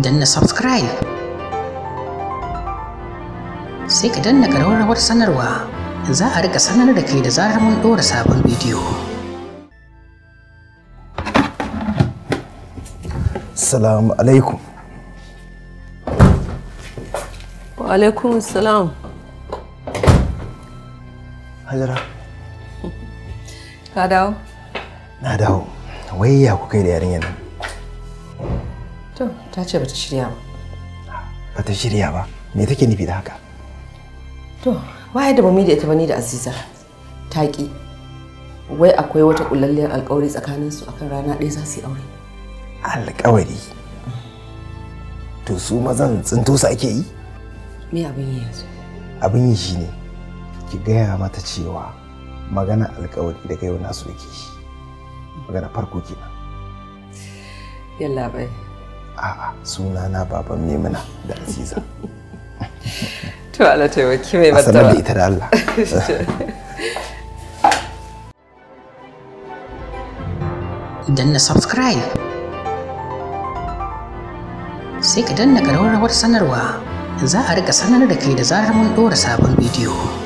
danna subscribe sai ka danna ƙararrawar sanarwa za a rika sanar da kai da zarar mun ɗora sabon bidiyo salamu alaikum wa alaikum salam hajara ka dawo na dawo wai ya ku kai da yarinyar nan To, ta ce bata shirya ba. Bata shirya ba? Me take nufi da haka? To, waye da bamu da ita bane da Aziza. Taki. Wai akwai wata kullalliyar alƙawari tsakanin su akan rana ɗaya za su yi aure. Alƙawari? To su mazan tsinto su ake yi? Me abin yi yanzu? Abin yi shine ki gaya mata cewa magana alƙawari da kai wani su yake shi. Magana farko kenan. Yalla bai. a'a suna na baban memuna da aziza to Allah taimaki mai mata a da ita da Allah danna subscribe sai ka danna ƙararrawar sanarwa za a rika sanar da kai da zarar mun ɗora sabon bidiyo